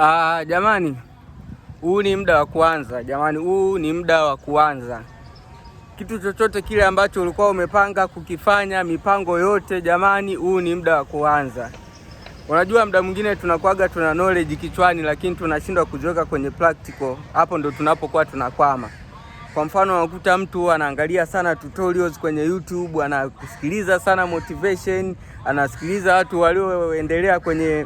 Ah, jamani, huu ni muda wa kuanza. Jamani, huu ni muda wa kuanza kitu chochote kile ambacho ulikuwa umepanga kukifanya, mipango yote. Jamani, huu ni muda wa kuanza. Unajua, muda mwingine tunakuaga tuna knowledge kichwani, lakini tunashindwa kujiweka kwenye practical. Hapo ndo tunapokuwa tunakwama. Kwa mfano, unakuta mtu anaangalia sana tutorials kwenye YouTube, anasikiliza sana motivation, anasikiliza watu walioendelea kwenye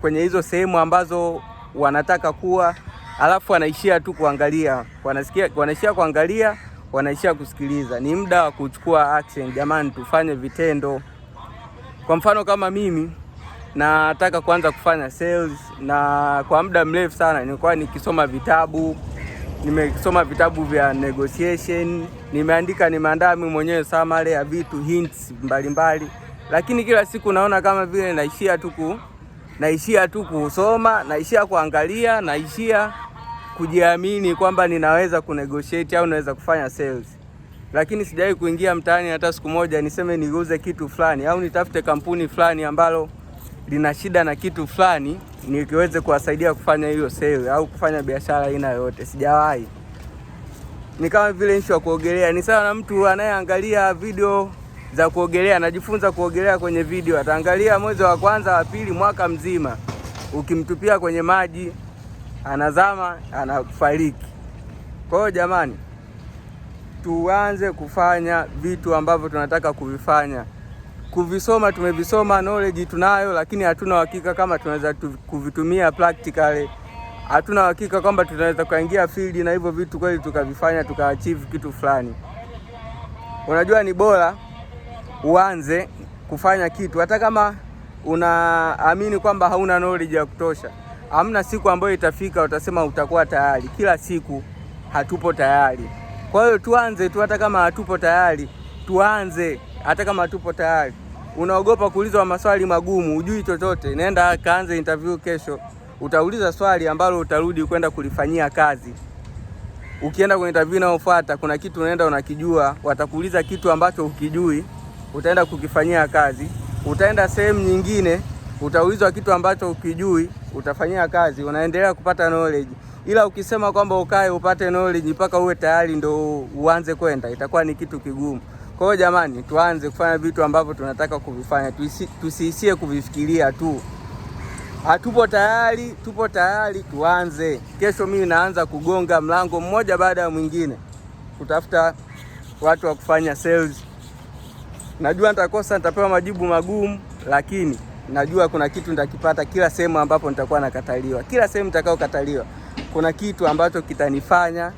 kwenye hizo sehemu ambazo wanataka kuwa, alafu wanaishia tu kuangalia, wanasikia, wanaishia kuangalia, wanaishia kusikiliza. Ni muda wa kuchukua action jamani, tufanye vitendo. Kwa mfano kama mimi nataka kuanza kufanya sales, na kwa muda mrefu sana nilikuwa nikisoma vitabu nimesoma vitabu vya negotiation, nimeandika, nimeandaa mimi mwenyewe summary ya vitu hints mbalimbali mbali. Lakini kila siku naona kama vile naishia tu naishia tu kusoma, naishia kuangalia, naishia kujiamini kwamba ninaweza kunegotiate au naweza kufanya sales, lakini sijawahi kuingia mtaani hata siku moja niseme niuze kitu fulani au nitafute kampuni fulani ambalo lina shida na kitu fulani nikiweze kuwasaidia kufanya hiyo sale au kufanya biashara aina yoyote, sijawahi. Ni kama vile nchi wa kuogelea, ni sawa na mtu anayeangalia video za kuogelea, anajifunza kuogelea kwenye video. Ataangalia mwezi wa kwanza, wa pili, mwaka mzima, ukimtupia kwenye maji anazama, anafariki. Kwa hiyo jamani, tuanze kufanya vitu ambavyo tunataka kuvifanya. Kuvisoma tumevisoma, knowledge tunayo, lakini hatuna uhakika kama tunaweza kuvitumia practically. Hatuna uhakika kwamba tunaweza kuingia field na hivyo vitu kweli tukavifanya tukaachieve kitu fulani. Unajua ni bora uanze kufanya kitu, hata kama unaamini kwamba hauna knowledge ya kutosha. Hamna siku ambayo itafika utasema utakuwa tayari. Kila siku hatupo tayari, kwa hiyo tuanze tu, hata kama hatupo tayari tuanze, hata kama hatupo tayari. Unaogopa kuulizwa maswali magumu, ujui chochote, nenda kaanze interview kesho, utauliza swali ambalo utarudi kwenda kulifanyia kazi. Ukienda kwenye interview inayofuata, kuna kitu unaenda unakijua, watakuuliza kitu ambacho ukijui utaenda kukifanyia kazi. Utaenda sehemu nyingine, utaulizwa kitu ambacho ukijui, utafanyia kazi, unaendelea kupata knowledge. Ila ukisema kwamba ukae upate knowledge mpaka uwe tayari ndo uanze kwenda, itakuwa ni kitu kigumu. Kwa hiyo jamani, tuanze kufanya vitu ambavyo tunataka kuvifanya, tusiishie kuvifikiria tu. Hatupo tayari, tupo tayari, tuanze. Kesho mimi naanza kugonga mlango mmoja baada ya mwingine, kutafuta watu wa kufanya sales Najua nitakosa, nitapewa majibu magumu, lakini najua kuna kitu nitakipata kila sehemu ambapo nitakuwa nakataliwa. Kila sehemu nitakayokataliwa, kuna kitu ambacho kitanifanya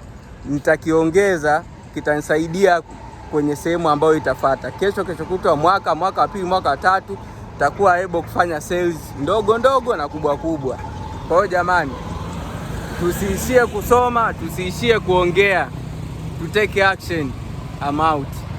nitakiongeza, kitanisaidia kwenye sehemu ambayo itafata kesho, kesho kutwa, mwaka mwaka wa pili, mwaka wa tatu, nitakuwa able kufanya sales ndogo ndogo na kubwa kubwa. Kwa hiyo jamani, tusiishie kusoma, tusiishie kuongea, take action. I'm out.